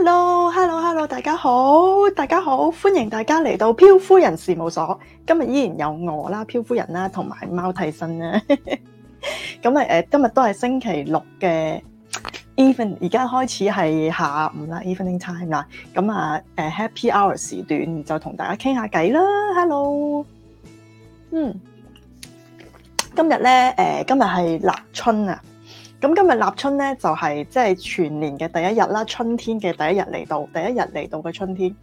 Hello，Hello，Hello，hello, hello, 大家好，大家好，歡迎大家嚟到漂夫人事務所。今日依然有我啦，漂夫人啦，同埋貓替身啦。咁啊，誒，今日都係星期六嘅 Even，而家開始係下午啦，Evening Time 啦。咁啊，誒，Happy Hour 時段就同大家傾下偈啦。Hello，嗯，今日咧，誒，今日係立春啊。咁今日立春咧，就係即係全年嘅第一日啦，春天嘅第一日嚟到，第一日嚟到嘅春天。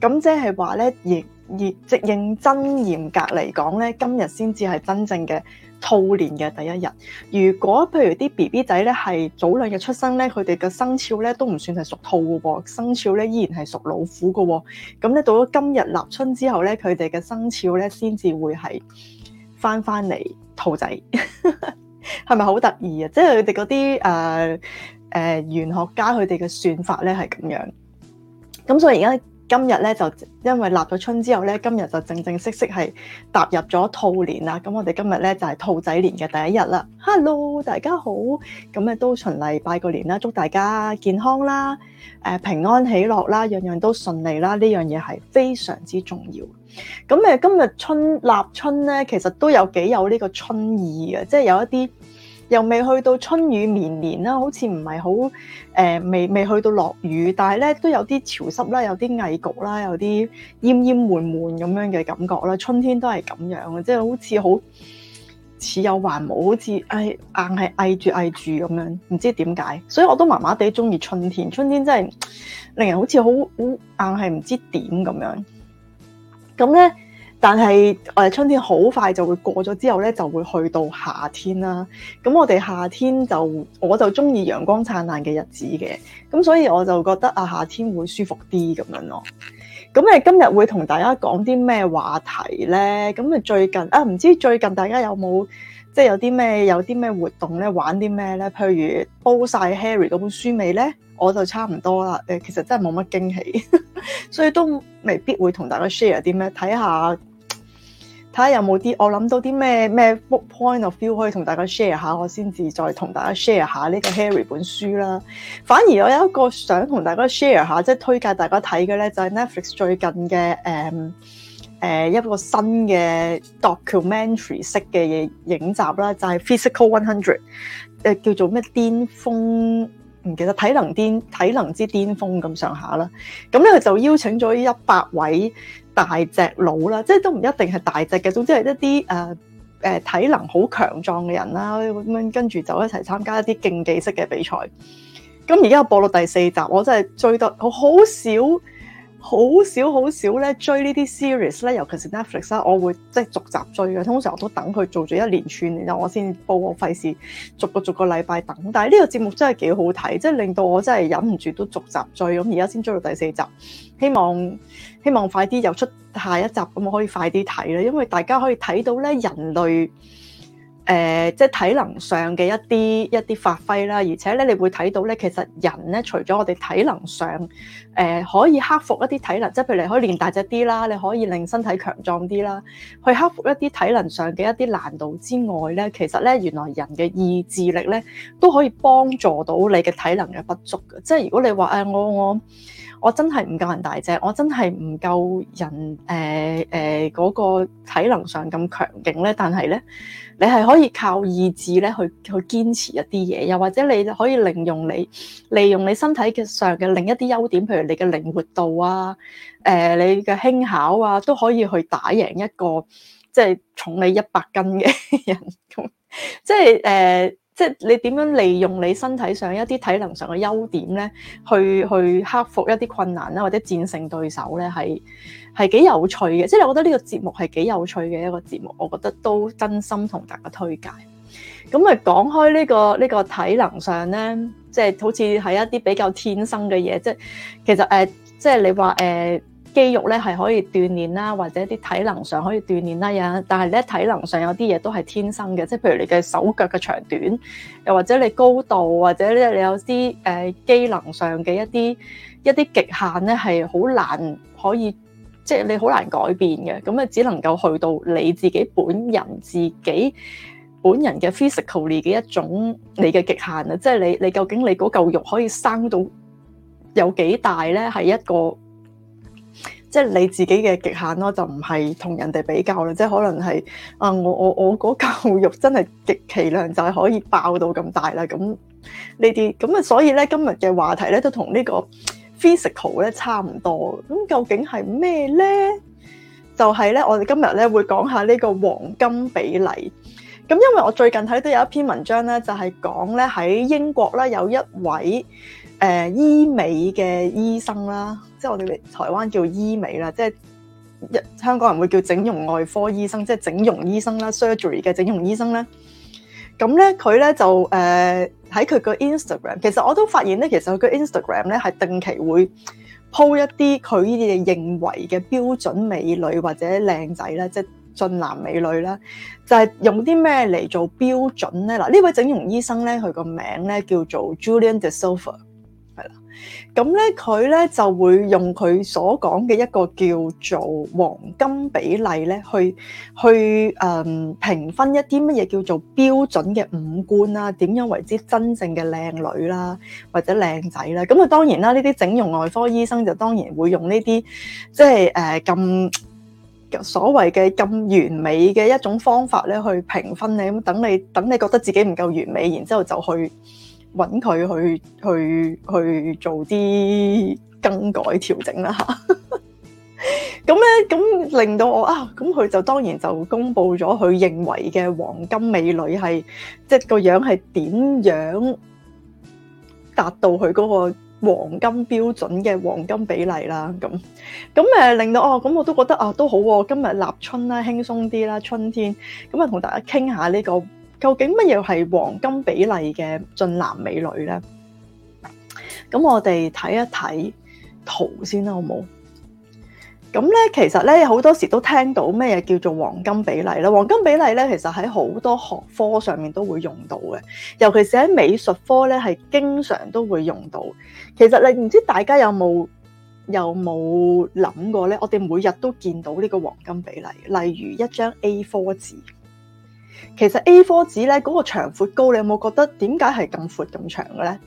咁即係話咧，嚴嚴即認真嚴格嚟講咧，今日先至係真正嘅兔年嘅第一日。如果譬如啲 BB 仔咧係早兩日出生咧，佢哋嘅生肖咧都唔算係屬兔嘅，生肖咧依然係屬老虎嘅。咁咧到咗今日立春之後咧，佢哋嘅生肖咧先至會係返返嚟兔仔。 係咪好得意啊？即係佢哋嗰啲誒誒，玄、呃呃、學家佢哋嘅算法咧係咁樣。咁所以而家今日咧就因為立咗春之後咧，今日就正正式式係踏入咗兔年啦。咁我哋今日咧就係、是、兔仔年嘅第一日啦。Hello，大家好。咁啊，都循例拜個年啦，祝大家健康啦，誒、呃、平安喜樂啦，樣樣都順利啦。呢樣嘢係非常之重要。咁誒，今日春立春咧，其實都有幾有呢個春意嘅，即係有一啲。又未去到春雨綿綿啦，好似唔係好誒，未未去到落雨，但係咧都有啲潮濕啦，有啲翳焗啦，有啲懨懨悶悶咁樣嘅感覺啦。春天都係咁樣嘅，即係好似好似有還冇，好似誒硬係翳住翳住咁樣，唔知點解。所以我都麻麻地中意春天，春天真係令人好似好好硬係唔知點咁樣。咁咧。但係我哋春天好快就會過咗之後咧，就會去到夏天啦。咁我哋夏天就我就中意陽光燦爛嘅日子嘅，咁所以我就覺得啊夏天會舒服啲咁樣咯。咁誒今日會同大家講啲咩話題咧？咁誒最近啊，唔知最近大家有冇即係有啲咩、即係、有啲咩活動咧，玩啲咩咧？譬如煲晒 Harry 嗰本書未咧？我就差唔多啦。誒其實真係冇乜驚喜， 所以都未必會同大家 share 啲咩。睇下。睇下有冇啲我諗到啲咩咩 point of view 可以同大家 share 下，我先至再同大家 share 下呢個 Harry 本書啦。反而我有一個想同大家 share 下，即係推介大家睇嘅咧，就係 Netflix 最近嘅誒誒一個新嘅 documentary 式嘅嘢影集啦，就係 Physical One Hundred，誒叫做咩巔峯，唔記得體能巔體能之巔峯咁上下啦。咁咧佢就邀請咗一百位。大隻佬啦，即係都唔一定係大隻嘅，總之係一啲誒誒體能好強壯嘅人啦，咁樣跟住就一齊參加一啲競技式嘅比賽。咁而家我播到第四集，我真係追得好好少。好少好少咧追呢啲 series 咧，尤其是 Netflix 啦，我會即係逐集追嘅。通常我都等佢做咗一連串，然後我先煲，我費事逐個逐個禮拜等。但係呢個節目真係幾好睇，即係令到我真係忍唔住都逐集追。咁而家先追到第四集，希望希望快啲又出下一集，咁我可以快啲睇啦。因為大家可以睇到咧，人類。誒、呃，即係體能上嘅一啲一啲發揮啦，而且咧，你會睇到咧，其實人咧，除咗我哋體能上誒、呃、可以克服一啲體能，即係譬如你可以練大隻啲啦，你可以令身體強壯啲啦，去克服一啲體能上嘅一啲難度之外咧，其實咧，原來人嘅意志力咧都可以幫助到你嘅體能嘅不足嘅，即係如果你話誒、哎，我我。我真係唔夠人大隻，我真係唔夠人誒誒嗰個體能上咁強勁咧。但係咧，你係可以靠意志咧去去堅持一啲嘢，又或者你可以利用你利用你身體嘅上嘅另一啲優點，譬如你嘅靈活度啊，誒、呃、你嘅輕巧啊，都可以去打贏一個即係、就是、重你一百斤嘅人。即係誒。呃即係你點樣利用你身體上一啲體能上嘅優點咧，去去克服一啲困難啦，或者戰勝對手咧，係係幾有趣嘅。即係我覺得呢個節目係幾有趣嘅一個節目，我覺得都真心同大家推介。咁啊、這個，講開呢個呢個體能上咧，即、就、係、是、好似係一啲比較天生嘅嘢。即係其實誒、呃，即係你話誒。呃肌肉咧，係可以鍛煉啦，或者啲體能上可以鍛煉啦。但係咧，體能上有啲嘢，都係天生嘅，即係譬如你嘅手腳嘅長短，又或者你高度，或者咧你有啲誒機能上嘅一啲一啲極限咧，係好難可以，即係你好難改變嘅。咁咧只能夠去到你自己本人自己本人嘅 physically 嘅一種你嘅極限啊！即係你你究竟你嗰嚿肉可以生到有幾大咧？係一個。即係你自己嘅極限咯，就唔係同人哋比較啦。即係可能係啊，我我我嗰嚿肉真係極其量就係可以爆到咁大啦。咁呢啲咁啊，所以咧今日嘅話題咧都同呢個 physical 咧差唔多。咁究竟係咩咧？就係咧，我哋今日咧會講一下呢個黃金比例。咁因為我最近睇到有一篇文章咧，就係講咧喺英國啦，有一位誒、呃、醫美嘅醫生啦。即係我哋台灣叫醫美啦，即係一香港人會叫整容外科醫生，即係整容醫生啦，surgery 嘅整容醫生啦。咁咧佢咧就誒喺佢個 Instagram，其實我都發現咧，其實佢個 Instagram 咧係定期會 po 一啲佢呢啲認為嘅標準美女或者靚仔咧，即係俊男美女啦，就係、是、用啲咩嚟做標準咧？嗱，呢位整容醫生咧，佢個名咧叫做 Julian De Silva。咁咧，佢咧就會用佢所講嘅一個叫做黃金比例咧，去去誒評分一啲乜嘢叫做標準嘅五官啦，點樣為之真正嘅靚女啦，或者靚仔啦。咁佢當然啦，呢啲整容外科醫生就當然會用呢啲即係誒咁所謂嘅咁完美嘅一種方法咧，去評分你咁，等你等你覺得自己唔夠完美，然之後就去。.揾佢去去去做啲更改調整啦嚇，咁咧咁令到我啊，咁佢就當然就公布咗佢認為嘅黃金美女係即係個樣係點樣達到佢嗰個黃金標準嘅黃金比例啦，咁咁誒令到哦，咁我都覺得啊都好喎，今日立春啦，輕鬆啲啦，春天咁啊，同大家傾下呢個。究竟乜嘢係黃金比例嘅俊男美女呢？咁我哋睇一睇圖先啦，好冇？咁咧，其實咧好多時都聽到咩嘢叫做黃金比例咧？黃金比例咧，其實喺好多學科上面都會用到嘅，尤其是喺美術科咧，係經常都會用到。其實你唔知大家有冇有冇諗過咧？我哋每日都見到呢個黃金比例，例如一張 A4 紙。其實 A4 紙咧，嗰個長闊高，你有冇覺得點解係咁闊咁長嘅咧？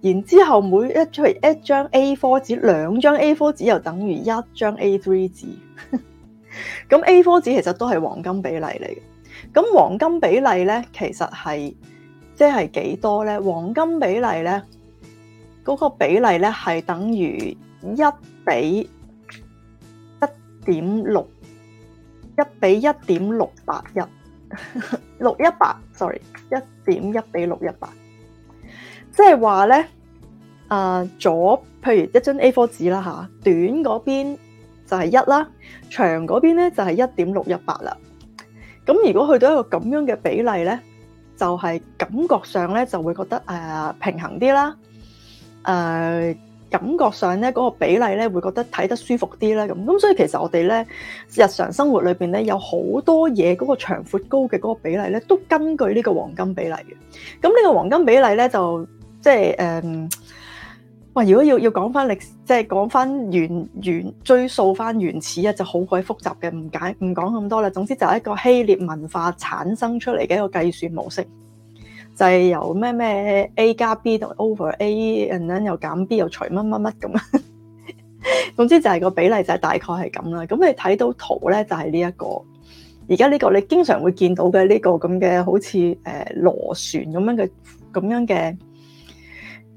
然之後每一出一張 A4 紙，兩張 A4 紙又等於一張 A3 紙。咁 A4 紙其實都係黃金比例嚟嘅。咁黃金比例咧，其實係即係幾多咧？黃金比例咧嗰、那個比例咧係、那個、等於一比一點六一比一點六八一。六一八，sorry，一點一比六一八，即係話咧，啊左，譬如一張 A4 紙啦吓，短嗰邊就係一啦，長嗰邊咧就係一點六一八啦。咁如果去到一個咁樣嘅比例咧，就係、是、感覺上咧就會覺得誒、呃、平衡啲啦，誒、呃。感覺上咧嗰個比例咧會覺得睇得舒服啲咧咁，咁所以其實我哋咧日常生活裏邊咧有好多嘢嗰個長闊高嘅嗰個比例咧都根據呢個黃金比例嘅。咁呢個黃金比例咧就即係誒、嗯，哇！如果要要，要講翻歷史，即係講翻原原追溯翻原始啊，就好鬼複雜嘅，唔解唔講咁多啦。總之就係一個希臘文化產生出嚟嘅一個計算模式。就係、是、由咩咩 A 加 B 同 over A，然後又減 B 又除乜乜乜咁啊！總之就係個比例就係大概係咁啦。咁你睇到圖咧，就係呢一個。而家呢個你經常會見到嘅呢、這個咁嘅好似誒、呃、螺旋咁樣嘅咁樣嘅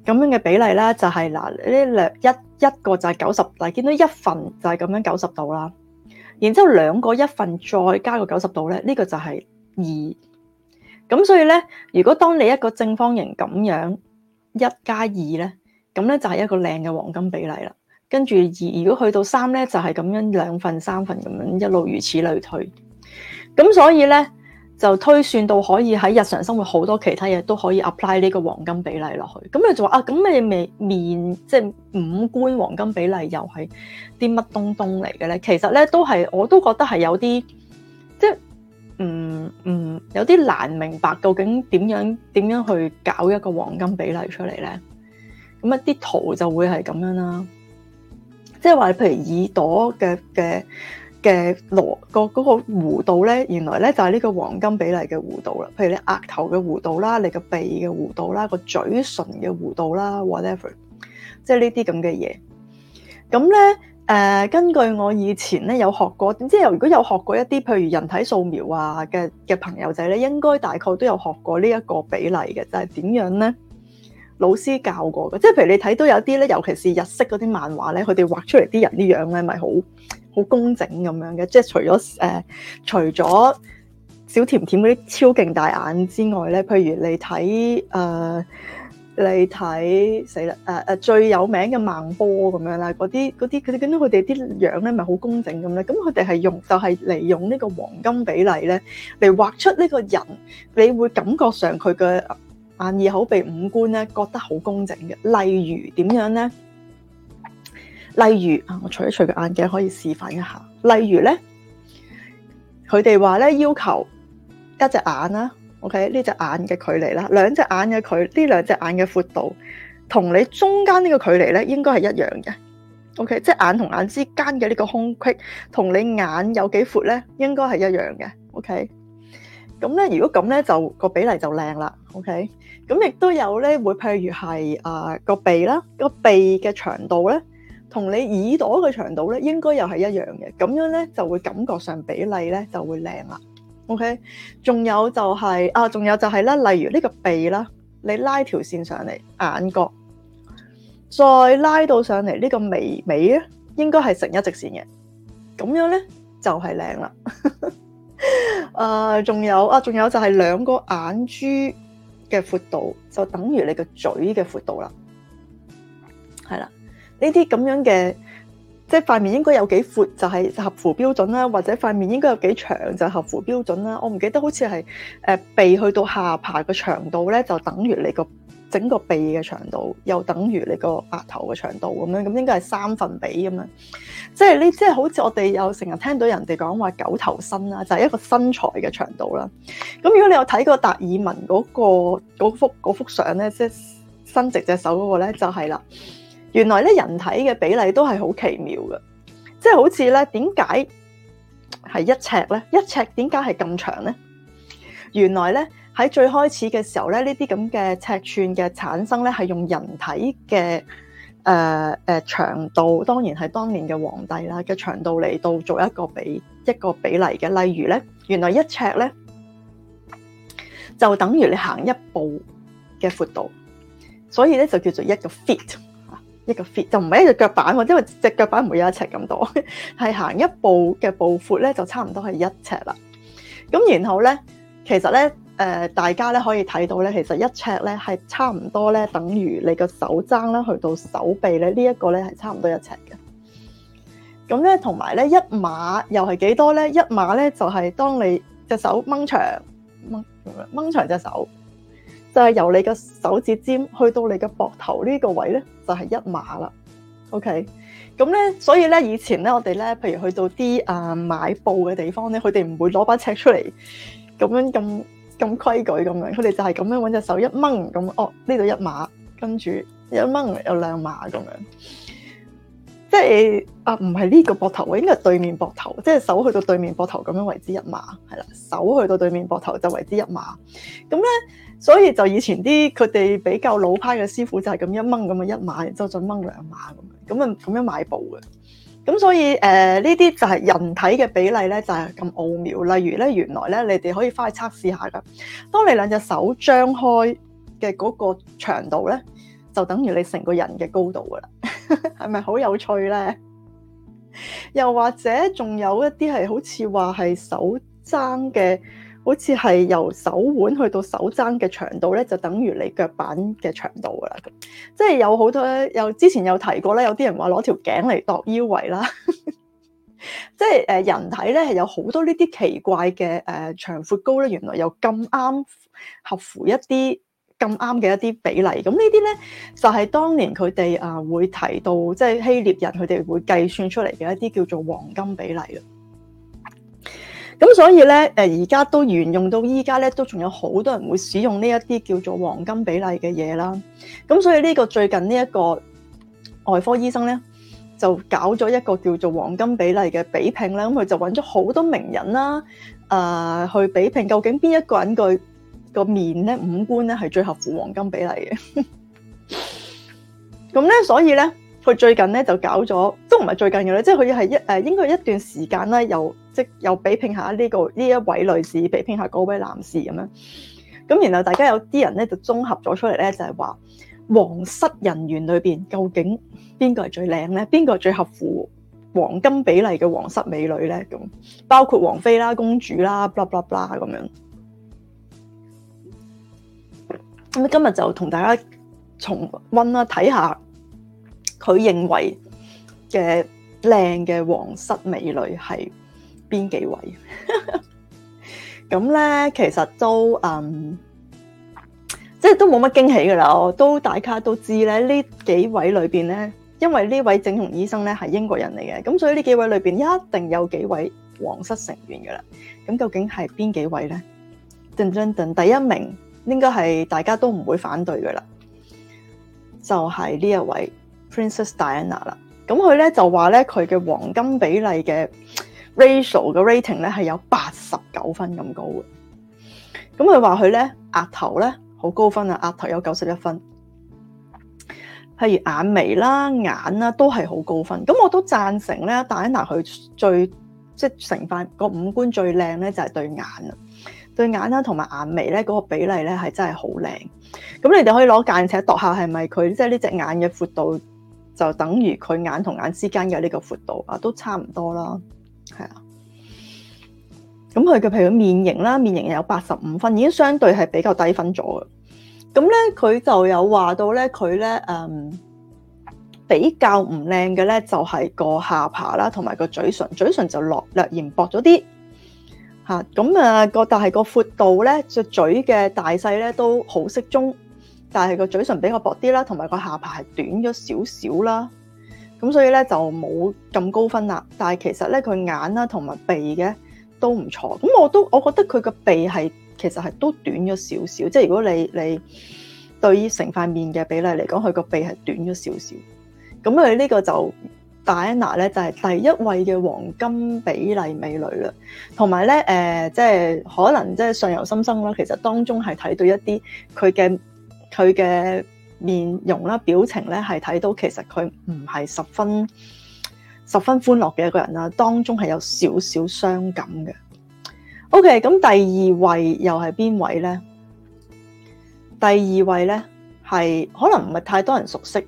咁樣嘅比例咧、就是，就係嗱呢兩一一個就係九十，嗱見到一份就係咁樣九十度啦。然之後兩個一份再加個九十度咧，呢、這個就係二。咁所以咧，如果當你一個正方形咁樣一加二咧，咁咧就係一個靚嘅黃金比例啦。跟住二，如果去到三咧，就係、是、咁樣兩份三份咁樣一路如此類推。咁所以咧，就推算到可以喺日常生活好多其他嘢都可以 apply 呢個黃金比例落去。咁你就話啊，咁你面即係、就是、五官黃金比例又係啲乜東東嚟嘅咧？其實咧都係我都覺得係有啲即係。嗯嗯，有啲難明白究竟點樣點樣去搞一個黃金比例出嚟咧？咁一啲圖就會係咁樣啦，即係話，你譬如耳朵嘅嘅嘅羅個個弧度咧，原來咧就係呢個黃金比例嘅弧度啦。譬如你額頭嘅弧度啦，你個鼻嘅弧度啦，個嘴唇嘅弧度啦，whatever，即係呢啲咁嘅嘢。咁咧。誒、呃，根據我以前咧有學過，即係如果有學過一啲，譬如人體素描啊嘅嘅朋友仔咧，應該大概都有學過呢一個比例嘅，就係點樣咧？老師教過嘅，即係譬如你睇到有啲咧，尤其是日式嗰啲漫畫咧，佢哋畫出嚟啲人啲樣咧，咪好好工整咁樣嘅，即係除咗誒、呃，除咗小甜甜嗰啲超勁大眼之外咧，譬如你睇誒。呃你睇死啦！誒誒、啊，最有名嘅孟波咁樣啦，嗰啲啲佢哋咁多，佢哋啲樣咧咪好工整咁咧。咁佢哋係用就係、是、利用呢個黃金比例咧嚟畫出呢個人，你會感覺上佢嘅眼耳口鼻五官咧覺得好工整嘅。例如點樣咧？例如啊，我除一除個眼鏡可以示範一下。例如咧，佢哋話咧要求一隻眼啦。OK，呢隻眼嘅距離啦，兩隻眼嘅距，呢兩隻眼嘅闊度，同你中間呢個距離咧，應該係一樣嘅。OK，即眼同眼之間嘅呢個空隙，同你眼有幾闊咧，應該係一樣嘅。OK，咁咧，如果咁咧，就個比例就靚啦。OK，咁亦都有咧，會譬如係啊個鼻啦，個鼻嘅長度咧，同你耳朵嘅長度咧，應該又係一樣嘅。咁樣咧就會感覺上比例咧就會靚啦。OK，仲有就係、是、啊，仲有就係、是、咧，例如呢個鼻啦，你拉條線上嚟眼角，再拉到上嚟呢個眉尾咧，應該係成一直線嘅，咁樣咧就係靚啦。啊，仲有啊，仲有就係兩個眼珠嘅闊度就等於你個嘴嘅闊度啦，係啦，呢啲咁樣嘅。即係塊面應該有幾闊，就係合乎標準啦；或者塊面應該有幾長，就係合乎標準啦。我唔記得好似係誒鼻去到下巴嘅長度咧，就等於你個整個鼻嘅長度，又等於你個額頭嘅長度咁樣。咁應該係三分比咁樣。即係你，即係好似我哋又成日聽到人哋講話九頭身啦，就係一個身材嘅長度啦。咁如果你有睇過達爾文嗰個嗰幅嗰幅相咧，即係伸直隻手嗰個咧，就係啦。原來咧，人體嘅比例都係好奇妙嘅。即係好似咧，點解係一尺咧？一尺點解係咁長咧？原來咧，喺最開始嘅時候咧，呢啲咁嘅尺寸嘅產生咧，係用人體嘅誒誒長度，當然係當年嘅皇帝啦嘅長度嚟到做一個比一個比例嘅。例如咧，原來一尺咧就等於你行一步嘅闊度，所以咧就叫做一個 foot 一個 fit 就唔係一隻腳板喎，因為隻腳板唔會有一尺咁多，係行一步嘅步闊咧就差唔多係一尺啦。咁然後咧，其實咧，誒、呃、大家咧可以睇到咧，其實一尺咧係差唔多咧，等於你個手踭啦去到手臂咧呢一、這個咧係差唔多一尺嘅。咁咧同埋咧一碼又係幾多咧？一碼咧就係、是、當你隻手掹長掹咁樣掹長隻手。就係由你嘅手指尖去到你嘅膊頭呢個位咧，就係一碼啦。OK，咁咧，所以咧，以前咧，我哋咧，譬如去到啲啊買布嘅地方咧，佢哋唔會攞把尺出嚟，咁樣咁咁規矩咁樣，佢哋就係咁樣揾隻手一掹咁，哦，呢度一碼，跟住一掹有兩碼咁樣。即係啊，唔係呢個膊頭，應該係對面膊頭，即係手去到對面膊頭咁樣為之一碼，係啦，手去到對面膊頭就為之一碼。咁咧，所以就以前啲佢哋比較老派嘅師傅就係咁一掹咁啊一碼，就再掹兩碼咁樣，咁啊咁樣買布嘅。咁所以誒，呢啲就係人體嘅比例咧就係咁奧妙。例如咧，原來咧你哋可以翻去測試一下噶，當你兩隻手張開嘅嗰個長度咧，就等於你成個人嘅高度噶啦。係咪好有趣咧？又或者仲有一啲係好似話係手踭嘅，好似係由手腕去到手踭嘅長度咧，就等於你腳板嘅長度噶啦。即係有好多，有之前有提過咧，有啲人話攞條頸嚟度腰圍啦。 即係誒，人體咧係有好多呢啲奇怪嘅誒，長闊高咧，原來又咁啱合乎一啲。咁啱嘅一啲比例，咁呢啲咧就係當年佢哋啊會提到，即係希臘人佢哋會計算出嚟嘅一啲叫做黃金比例啦。咁所以咧，誒而家都沿用到依家咧，都仲有好多人會使用呢一啲叫做黃金比例嘅嘢啦。咁所以呢個最近呢一個外科醫生咧就搞咗一個叫做黃金比例嘅比拼啦。咁佢就揾咗好多名人啦，誒、呃、去比拼究竟邊一個人個個面咧，五官咧，係最合乎黃金比例嘅，咁 咧，所以咧佢最近咧就搞咗，都唔係最近嘅咧，即係佢係一誒、呃、應該一段時間啦，又即又比拼下呢、呢個呢一位女士，比拼下嗰位男士咁樣，咁然後大家有啲人咧就綜合咗出嚟咧，就係、是、話皇室人員裏邊究竟邊個係最靚咧，邊個係最合乎黃金比例嘅皇室美女咧咁，包括王妃啦、公主啦、啦卜卜咁樣。咁今日就同大家重溫啦，睇下佢認為嘅靚嘅皇室美女係邊幾位？咁 咧，其實都嗯，即係都冇乜驚喜㗎喇。都大家都知咧，呢幾位裏邊咧，因為呢位整容醫生咧係英國人嚟嘅，咁所以呢幾位裏邊一定有幾位皇室成員㗎喇。咁究竟係邊幾位咧？噔噔噔，第一名。應該係大家都唔會反對嘅啦，就係呢一位 Princess Diana 啦。咁佢咧就話咧佢嘅黃金比例嘅 Ratio 嘅 Rating 咧係有八十九分咁高嘅。咁佢話佢咧額頭咧好高分啊，額頭有九十一分。譬如眼眉啦、眼啦都係好高分。咁我都贊成咧，Diana 佢最即係成份個五官最靚咧就係、是、對眼啦。對眼啦，同埋眼眉咧，嗰個比例咧係真係好靚。咁你哋可以攞間尺度下，係咪佢即係呢隻眼嘅闊度就等於佢眼同眼之間嘅呢個闊度啊？都差唔多啦，係啊。咁佢嘅譬如面型啦，面型有八十五分，已經相對係比較低分咗嘅。咁咧佢就有話到咧，佢咧誒比較唔靚嘅咧，就係個下巴啦，同埋個嘴唇，嘴唇就略略然薄咗啲。嚇咁啊，個，但係個闊度咧，隻嘴嘅大細咧都好適中，但係個嘴唇比較薄啲啦，同埋個下巴係短咗少少啦，咁所以咧就冇咁高分啦。但係其實咧佢眼啦同埋鼻嘅都唔錯。咁我都我覺得佢個鼻係其實係都短咗少少。即係如果你你對於成塊面嘅比例嚟講，佢個鼻係短咗少少。咁佢呢個就。戴安娜咧就係、是、第一位嘅黃金比例美女啦，同埋咧誒，即、呃、係、就是、可能即係相由心生啦，其實當中係睇到一啲佢嘅佢嘅面容啦，表情咧，係睇到其實佢唔係十分十分歡樂嘅一個人啦，當中係有少少傷感嘅。OK，咁第二位又係邊位咧？第二位咧係可能唔係太多人熟悉。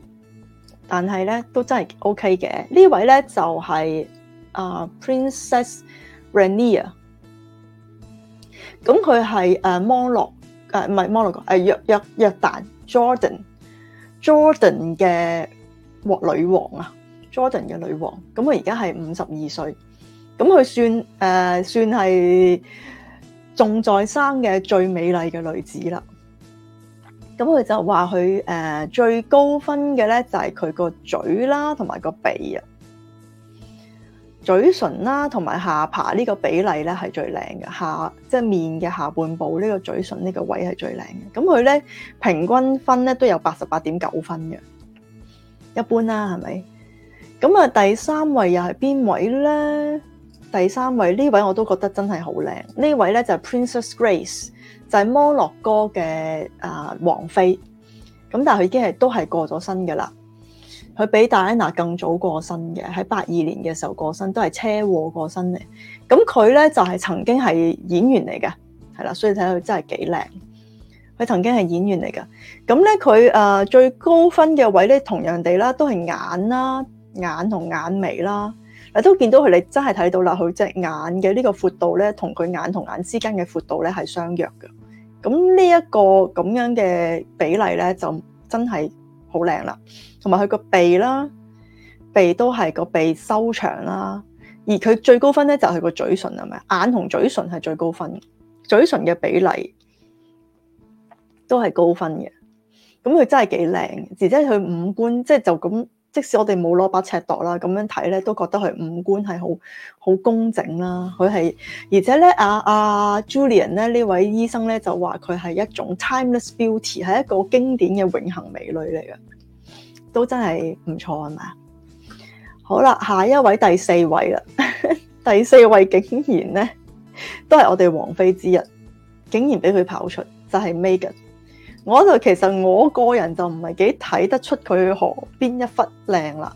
但係咧都真係 OK 嘅，位呢位咧就係、是、啊、呃、Princess Rania，咁佢係誒摩洛誒唔係摩洛哥，誒約約約旦 Jordan Jordan 嘅女王啊，Jordan 嘅女王，咁佢而家係五十二歲，咁佢算、呃、算係仲在生嘅最美麗嘅女子啦。咁佢就話佢誒最高分嘅咧就係佢個嘴啦，同埋個鼻啊，嘴唇啦，同埋下巴呢個比例咧係最靚嘅下，即係面嘅下半部呢個嘴唇呢個位係最靚嘅。咁佢咧平均分咧都有八十八點九分嘅，一般啦係咪？咁啊第三位又係邊位咧？第三位呢位我都覺得真係好靚，呢位咧就係 Princess Grace。就係、是、摩洛哥嘅啊、呃、王妃，咁但係佢已經係都係過咗身嘅啦。佢比戴安娜更早過身嘅，喺八二年嘅時候過身，都係車禍過身嚟。咁佢咧就係、是、曾經係演員嚟嘅，係啦，所以睇到佢真係幾靚。佢曾經係演員嚟嘅，咁咧佢誒最高分嘅位咧同樣地啦，都係眼啦、眼同眼眉啦，都見到佢你真係睇到啦，佢隻眼嘅呢個闊度咧，同佢眼同眼之間嘅闊度咧係相若嘅。咁呢一個咁樣嘅比例咧，就真係好靚啦。同埋佢個鼻啦，鼻都係個鼻修長啦。而佢最高分咧就係個嘴唇係咪？眼同嘴唇係最高分，嘴唇嘅比例都係高分嘅。咁佢真係幾靚，而且佢五官即係就咁。即使我哋冇攞把尺度啦，咁樣睇咧，都覺得佢五官係好好工整啦。佢係而且咧，阿、啊、阿、啊、Julian 咧呢位醫生咧就話佢係一種 timeless beauty，係一個經典嘅永恆美女嚟嘅。都真係唔錯係嘛？好啦，下一位第四位啦，第四位竟然咧都係我哋王妃之一，竟然俾佢跑出，就係、是、Meghan。我就其實我個人就唔係幾睇得出佢何邊一忽靚啦。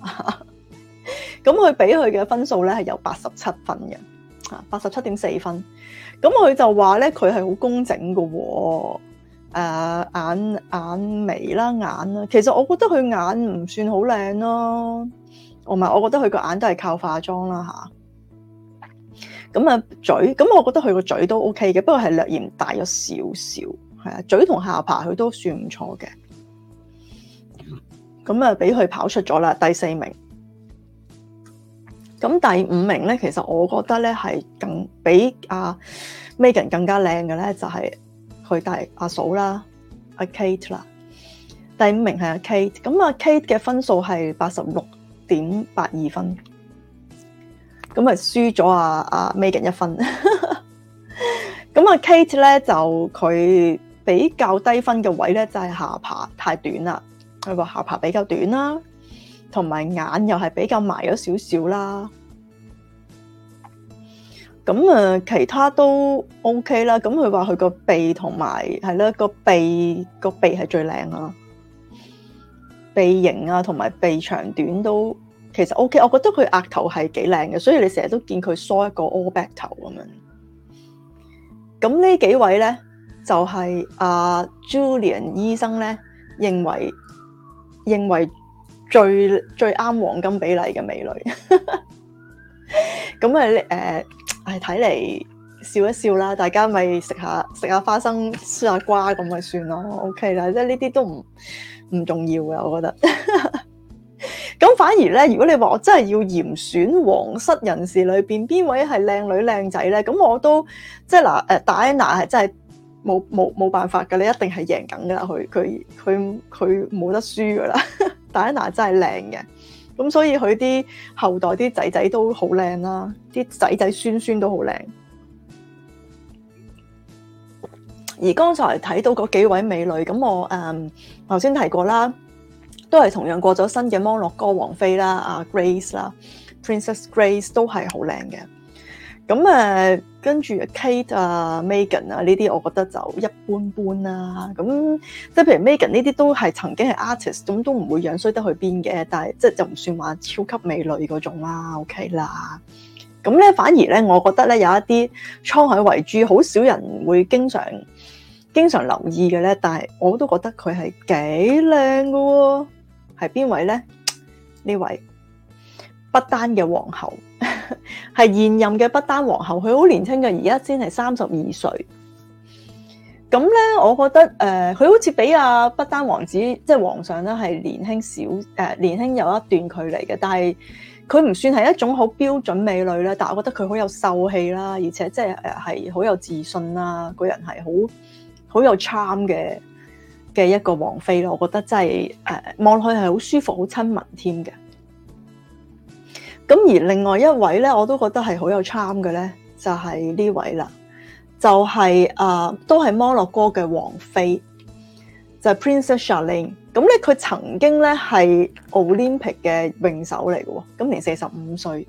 咁佢俾佢嘅分數咧係有八十七分嘅，八十七點四分。咁佢就話咧佢係好工整嘅、哦，喎、呃。眼眼眉啦眼啦。其實我覺得佢眼唔算好靚咯，同埋我覺得佢個眼都係靠化妝啦吓，咁啊，嘴咁我覺得佢個嘴都 OK 嘅，不過係略嫌大咗少少。係啊，嘴同下巴佢都算唔錯嘅，咁啊俾佢跑出咗啦第四名，咁第五名咧，其實我覺得咧係更比阿、啊、Megan 更加靚嘅咧，就係佢大阿嫂啦，阿、啊、Kate 啦，第五名係阿 Kate，咁啊 Kate 嘅、啊、分數係八十六點八二分，咁啊輸咗阿阿 Megan 一分，咁 啊 Kate 咧就佢。他比較低分嘅位咧，就係下巴太短啦。佢話下巴比較短啦，同埋眼又係比較埋咗少少啦。咁啊，其他都 OK 啦。咁佢話佢個鼻同埋係啦，個鼻個鼻係最靚啊，鼻型啊，同埋鼻長短都其實 OK。我覺得佢額頭係幾靚嘅，所以你成日都見佢梳一個 all back 頭咁樣。咁呢幾位咧？就係、是、阿、啊、Julian 醫生咧，認為認為最最啱黃金比例嘅美女。咁 啊，誒、呃，唉，睇嚟笑一笑啦，大家咪食下食下花生，削下瓜咁咪算咯。OK，但即係呢啲都唔唔重要嘅，我覺得。咁 反而咧，如果你話我真係要嚴選皇室人士裏邊邊位係靚女靚仔咧，咁我都即係嗱，誒 Diana 係真係。冇冇冇辦法㗎，你一定係贏緊㗎啦，佢佢佢佢冇得輸㗎啦。戴安娜真係靚嘅，咁所以佢啲後代啲仔仔都好靚啦，啲仔仔孫孫都好靚。而剛才睇到嗰幾位美女，咁我誒頭先提過啦，都係同樣過咗身嘅摩洛哥王妃啦，阿、啊、Grace 啦、啊、Princess Grace 都係好靚嘅。咁誒，跟住 Kate 啊、Meghan 啊呢啲，我覺得就一般般啦、啊。咁即係譬如 Meghan 呢啲都係曾經係 artist 咁都唔會樣衰得去邊嘅。但係即係就唔算話超級美女嗰種啦、啊，OK 啦。咁咧反而咧，我覺得咧有一啲滄海遺珠，好少人會經常經常留意嘅咧。但係我都覺得佢係幾靚嘅喎，係邊位咧？呢位不丹嘅皇后。係現任嘅不丹皇后，佢好年輕嘅，而家先係三十二歲。咁咧，我覺得誒，佢、呃、好似比阿、啊、不丹王子即係、就是、皇上咧係年輕少誒，年輕有一段距離嘅。但係佢唔算係一種好標準美女啦，但係我覺得佢好有秀氣啦，而且即係誒係好有自信啦，個人係好好有 charm 嘅嘅一個王妃咯。我覺得真係誒望落去係好舒服、好親民添嘅。咁而另外一位咧，我都覺得係好有 charm 嘅咧，就係、是、呢位啦，就係、是、啊、呃，都係摩洛哥嘅王妃，就係、是、Princess Charlene。咁咧，佢、嗯、曾經咧係 Olympic 嘅泳手嚟嘅喎，今年四十五歲，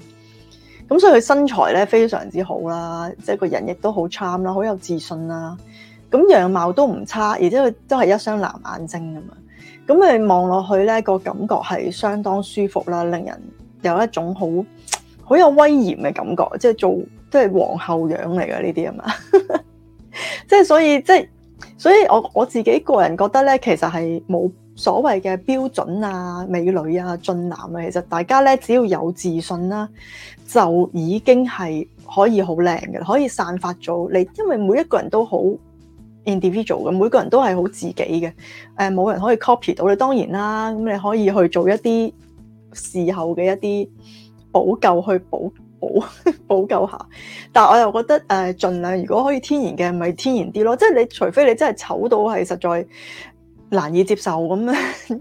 咁、嗯、所以佢身材咧非常之好啦，即係個人亦都好 charm 啦，好有自信啦，咁、嗯、樣貌都唔差，而且佢都係一雙藍眼睛啊嘛，咁佢望落去咧個感覺係相當舒服啦，令人，有一種好好有威嚴嘅感覺，即係做即係皇后樣嚟嘅呢啲啊嘛，即係所以即係所以我我自己個人覺得咧，其實係冇所謂嘅標準啊、美女啊、俊男啊。其實大家咧只要有自信啦、啊，就已經係可以好靚嘅，可以散發咗你。因為每一個人都好 individual 嘅，每個人都係好自己嘅。誒，冇人可以 copy 到你。當然啦，咁你可以去做一啲。事後嘅一啲補救去補補補救下，但係我又覺得誒、呃，盡量如果可以天然嘅，咪天然啲咯。即係你除非你真係醜到係實在難以接受咁，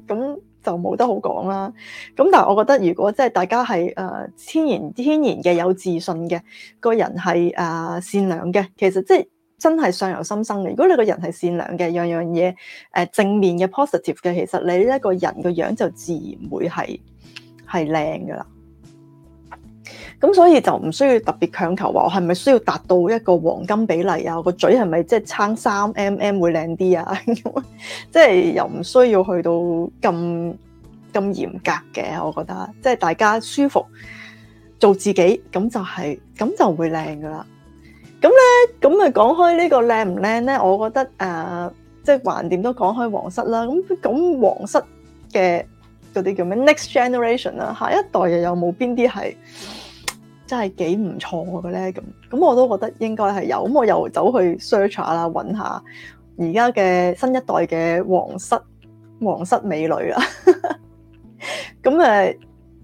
咁就冇得好講啦。咁但係我覺得如果即係大家係誒、呃、天然天然嘅有自信嘅個人係誒、呃、善良嘅，其實即係真係上由心生嘅。如果你個人係善良嘅，樣樣嘢誒正面嘅 positive 嘅，其實你呢個人嘅樣就自然會係。係靚噶啦，咁所以就唔需要特別強求話我係咪需要達到一個黃金比例啊？個嘴係咪即係撐三 mm 會靚啲啊？即 係又唔需要去到咁咁嚴格嘅，我覺得即係、就是、大家舒服做自己咁就係、是、咁就會靚噶啦。咁咧咁啊，講開這個不呢個靚唔靚咧，我覺得誒，即係橫掂都講開皇室啦。咁咁皇室嘅。嗰啲叫咩？Next generation 啊，下一代又有冇邊啲係真係幾唔錯嘅咧？咁咁我都覺得應該係有，咁我又走去 search 下啦，揾下而家嘅新一代嘅皇室皇室美女啊！咁 誒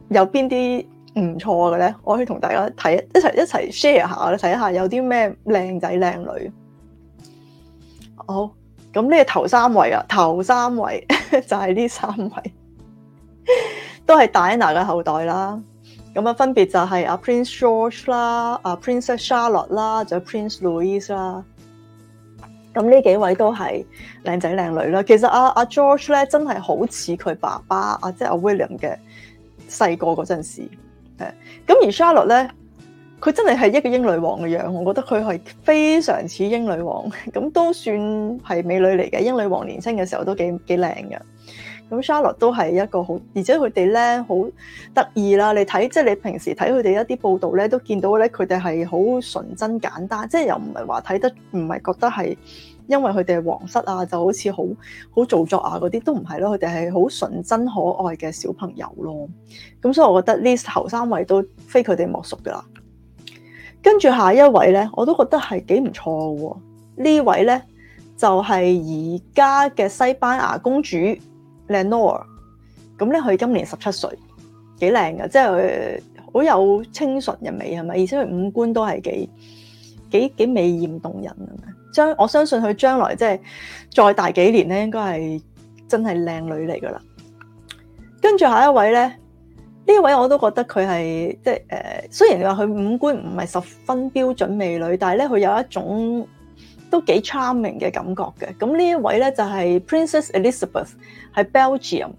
有邊啲唔錯嘅咧？我可以同大家睇一齊一齊 share 下咧，睇下有啲咩靚仔靚女。好，咁呢個頭三位啊，頭三位 就係呢三位。都係戴安娜嘅後代啦，咁啊分別就係阿 Prince George 啦，阿 Princess Charlotte 啦，仲有 Prince Louis 啦，咁呢幾位都係靚仔靚女啦。其實阿、啊、阿 George 咧真係好似佢爸爸啊，即係阿 William 嘅細個嗰陣時，那時，誒，咁而 Charlotte 咧，佢真係係一個英女王嘅樣，我覺得佢係非常似英女王，咁都算係美女嚟嘅。英女王年輕嘅時候都幾幾靚嘅。咁 Charlotte 都係一個好，而且佢哋咧好得意啦。你睇即係你平時睇佢哋一啲報道咧，都見到咧佢哋係好純真簡單，即係又唔係話睇得唔係覺得係因為佢哋係皇室啊，就好似好好做作啊嗰啲都唔係咯。佢哋係好純真可愛嘅小朋友咯。咁所以我覺得呢頭三位都非佢哋莫屬噶啦。跟住下一位咧，我都覺得係幾唔錯喎。呢位咧就係而家嘅西班牙公主。靚諾啊！咁咧佢今年十七歲，幾靚噶即係佢好有清純嘅美係咪？而且佢五官都係幾幾幾美艷動人。將我相信佢將來即係再大幾年咧，應該係真係靚女嚟噶啦。跟住下一位咧，呢位我都覺得佢係即係誒、呃，雖然話佢五官唔係十分標準美女，但係咧佢有一種。都幾 charming 嘅感覺嘅，咁呢一位咧就係、是、Princess Elizabeth，係 Belgium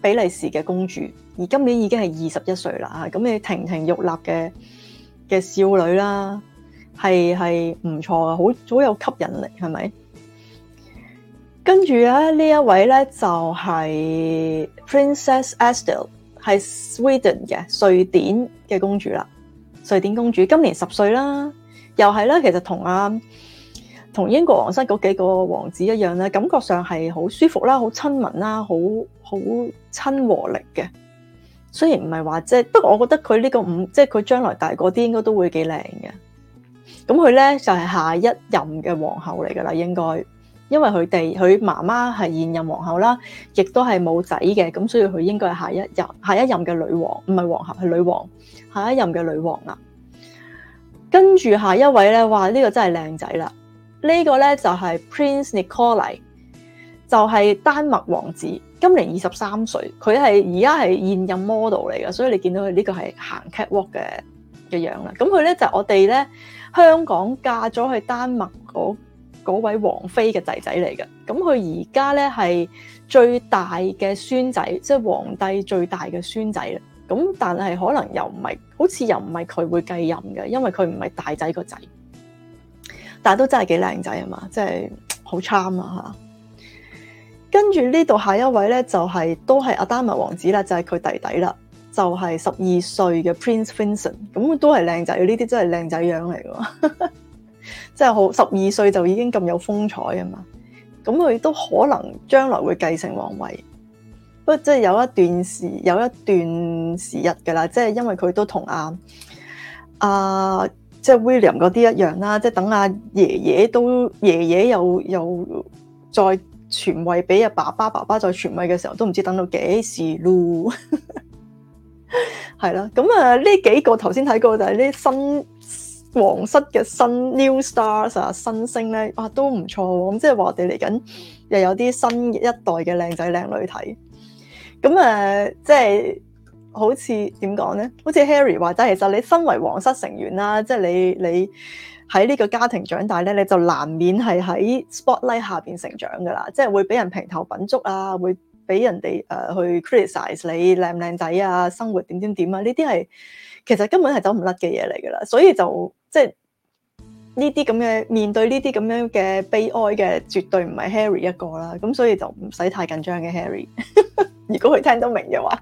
比利時嘅公主，而今年已經係二十一歲啦。嚇咁你亭亭玉立嘅嘅少女啦，係係唔錯嘅，好好有吸引力，係咪？跟住咧呢這一位咧就係、是、Princess Estelle，係 Sweden 嘅瑞典嘅公主啦。瑞典公主今年十歲啦，又係啦，其實同阿、啊。同英國王室嗰幾個王子一樣咧，感覺上係好舒服啦，好親民啦，好好親和力嘅。雖然唔係話即係，不過我覺得佢呢個五即係佢將來大個啲應該都會幾靚嘅。咁佢咧就係下一任嘅皇后嚟噶啦，應該因為佢哋佢媽媽係現任皇后啦，亦都係冇仔嘅，咁所以佢應該係下一任，下一任嘅女王，唔係皇后，係女王，下一任嘅女王啦。跟住下一位咧，話呢個真係靚仔啦～這個、呢個咧就係、是、Prince Nikolai 就係丹麥王子，今年二十三歲。佢係而家係現任 model 嚟㗎，所以你見到佢呢個係行 catwalk 嘅嘅樣啦。咁佢咧就係、我哋咧香港嫁咗去丹麥嗰位王妃嘅仔仔嚟㗎。咁佢而家咧係最大嘅孫仔，即係皇帝最大嘅孫仔啦。咁但係可能又唔係，好似又唔係佢會繼任嘅，因為佢唔係大仔個仔。但係都真係幾靚仔啊嘛，真係好 charm 啊嚇。跟住呢度下一位咧，就係、是、都係阿丹麥王子啦，就係、是、佢弟弟啦，就係十二歲嘅 Prince Vincent，咁都係靚仔，呢啲真係靚仔樣嚟嘅， 真係好十二歲就已經咁有風采啊嘛。咁佢都可能將來會繼承皇位，不過即係有一段時有一段時日嘅啦，即、就、係、是、因為佢都同阿阿。啊即係 William 嗰啲一樣啦，即係等阿爺爺都爺爺又又再傳位俾阿爸爸，爸爸再傳位嘅時候，都唔知等到幾時咯。係 啦，咁啊呢幾個頭先睇過就係呢新皇室嘅新 new stars 啊新星咧，哇都唔錯喎。咁即係話我哋嚟緊又有啲新一代嘅靚仔靚女睇，咁啊即係。好似點講咧？好似 Harry 話齋，其實你身為皇室成員啦，即係你你喺呢個家庭長大咧，你就難免係喺 spotlight 下面成長噶啦，即係會俾人評頭品足啊，會俾人哋、呃、去 criticise 你靚唔靚仔啊，生活點點點啊，呢啲係其實根本係走唔甩嘅嘢嚟噶啦，所以就即係呢啲咁嘅面對呢啲咁樣嘅悲哀嘅，絕對唔係 Harry 一個啦。咁所以就唔使太緊張嘅 Harry， 如果佢聽得明嘅話。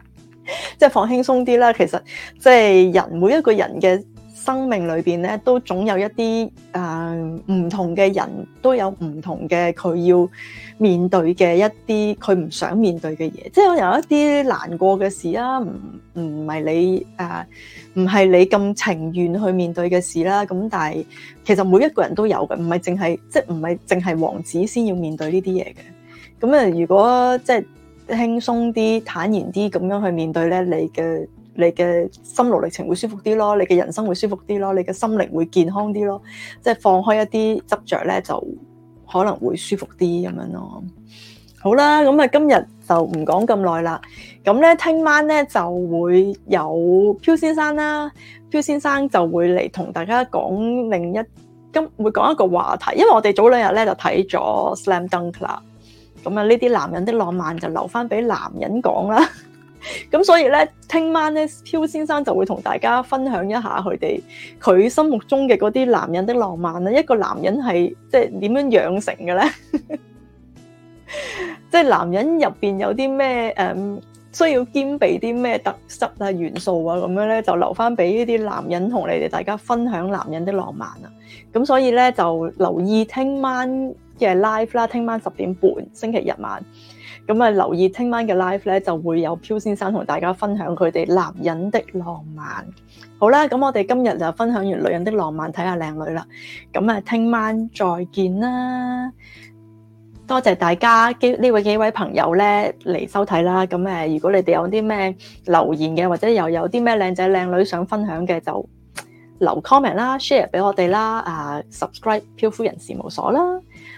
即係放輕鬆啲啦，其實即係人每一個人嘅生命裏邊咧，都總有一啲誒唔同嘅人，都有唔同嘅佢要面對嘅一啲佢唔想面對嘅嘢。即係有一啲難過嘅事啦，唔唔係你誒，唔係你咁情願去面對嘅事啦。咁但係其實每一個人都有嘅，唔係淨係即係唔係淨係王子先要面對呢啲嘢嘅。咁啊，如果即係。輕鬆啲、坦然啲咁樣去面對咧，你嘅你嘅心路歷程會舒服啲咯，你嘅人生會舒服啲咯，你嘅心靈會健康啲咯，即係放開一啲執着咧，就可能會舒服啲咁樣咯。好啦，咁、嗯、啊今日就唔講咁耐啦。咁咧聽晚咧就會有漂先生啦，漂先生就會嚟同大家講另一今會講一個話題，因為我哋早兩日咧就睇咗《Slam Dunk》啦。咁啊，呢啲男人的浪漫就留翻俾男人講啦。咁 所以咧，聽晚咧，飄先生就會同大家分享一下佢哋佢心目中嘅嗰啲男人的浪漫啦。 一個男人係即係點樣養成嘅咧？即 係男人入邊有啲咩誒，需要兼備啲咩特質啊、元素啊咁樣咧，就留翻俾呢啲男人同你哋大家分享男人的浪漫啊。咁 所以咧，就留意聽晚。嘅 live 啦，聽晚十點半，星期日晚咁啊，留意聽晚嘅 live 咧，就會有漂先生同大家分享佢哋男人的浪漫。好啦，咁我哋今日就分享完女人的浪漫，睇下靚女啦。咁啊，聽晚再見啦！多謝大家幾呢位幾位朋友咧嚟收睇啦。咁誒，如果你哋有啲咩留言嘅，或者又有啲咩靚仔靚女想分享嘅，就留 comment 啦，share 俾我哋啦。啊，subscribe 漂夫人事務所啦～